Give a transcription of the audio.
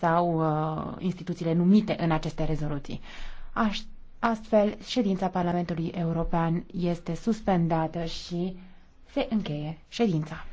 sau uh, instituțiile numite în aceste rezoluții. Aș, astfel, ședința Parlamentului European este suspendată și se încheie ședința.